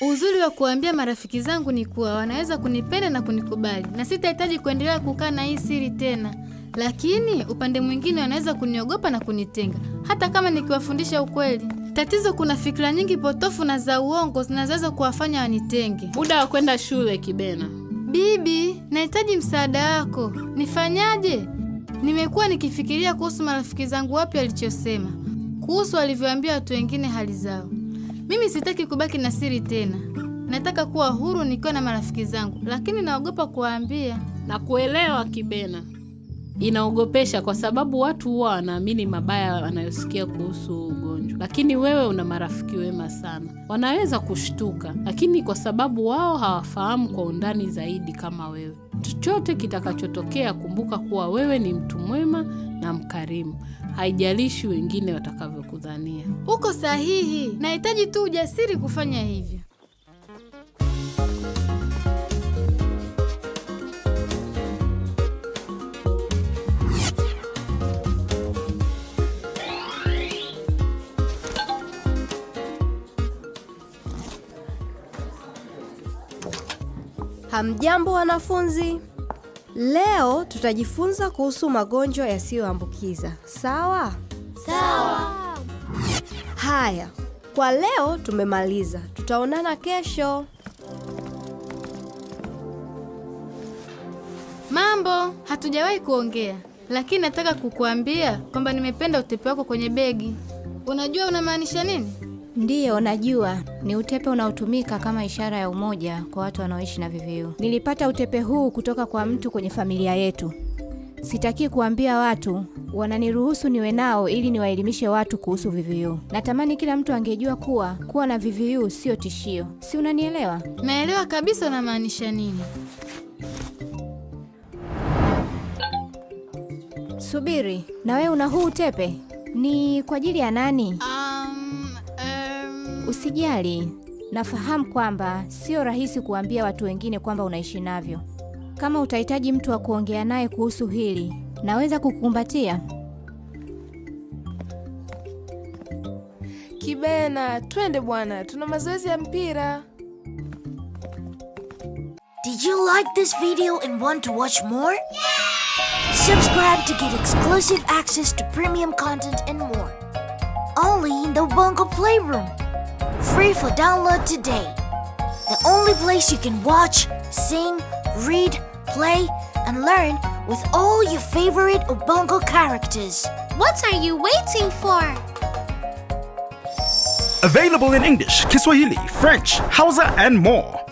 Uzuri wa kuwaambia marafiki zangu ni kuwa wanaweza kunipenda na kunikubali, na sitahitaji kuendelea kukaa na hii siri tena. Lakini upande mwingine wanaweza kuniogopa na kunitenga, hata kama nikiwafundisha ukweli. Tatizo, kuna fikra nyingi potofu na za uongo zinazoweza kuwafanya wanitenge. Muda wa kwenda shule, Kibena. Bibi, nahitaji msaada wako. Nifanyaje? Nimekuwa nikifikiria kuhusu marafiki zangu wapya walichosema, kuhusu walivyoambia watu wengine hali zao. Mimi sitaki kubaki na siri tena, nataka kuwa huru nikiwa na marafiki zangu, lakini naogopa kuwaambia. Na kuelewa Kibena, inaogopesha kwa sababu watu huwa wanaamini mabaya wanayosikia kuhusu ugonjwa, lakini wewe una marafiki wema sana, wanaweza kushtuka, lakini kwa sababu wao hawafahamu kwa undani zaidi kama wewe, chochote kitakachotokea, kumbuka kuwa wewe ni mtu mwema na mkarimu, haijalishi wengine watakavyokudhania. Uko sahihi, nahitaji tu ujasiri kufanya hivyo. Hamjambo wanafunzi. Leo tutajifunza kuhusu magonjwa yasiyoambukiza. Sawa? Sawa. Haya, kwa leo tumemaliza. Tutaonana kesho. Mambo, hatujawahi kuongea, lakini nataka kukuambia kwamba nimependa utepe wako kwenye begi. Unajua unamaanisha nini? Ndiyo, najua ni utepe unaotumika kama ishara ya umoja kwa watu wanaoishi na VVU. Nilipata utepe huu kutoka kwa mtu kwenye familia yetu. Sitaki kuambia watu, wananiruhusu niwe nao ili niwaelimishe watu kuhusu VVU. Natamani kila mtu angejua kuwa kuwa na VVU sio tishio. Si unanielewa? Naelewa kabisa unamaanisha nini. Subiri, na wewe una huu utepe? Ni kwa ajili ya nani? Ah, Usijali, nafahamu kwamba sio rahisi kuambia watu wengine kwamba unaishi navyo. Kama utahitaji mtu wa kuongea naye kuhusu hili, naweza kukukumbatia. Kibena, twende bwana, tuna mazoezi ya mpira. Did you like this video and want to watch more? Subscribe to get exclusive access to premium content and more. Only in the Playroom. free for download today. The only place you can watch, sing, read, play, and learn with all your favorite Ubongo characters. What are you waiting for? Available in English, Kiswahili, French, Hausa, and more.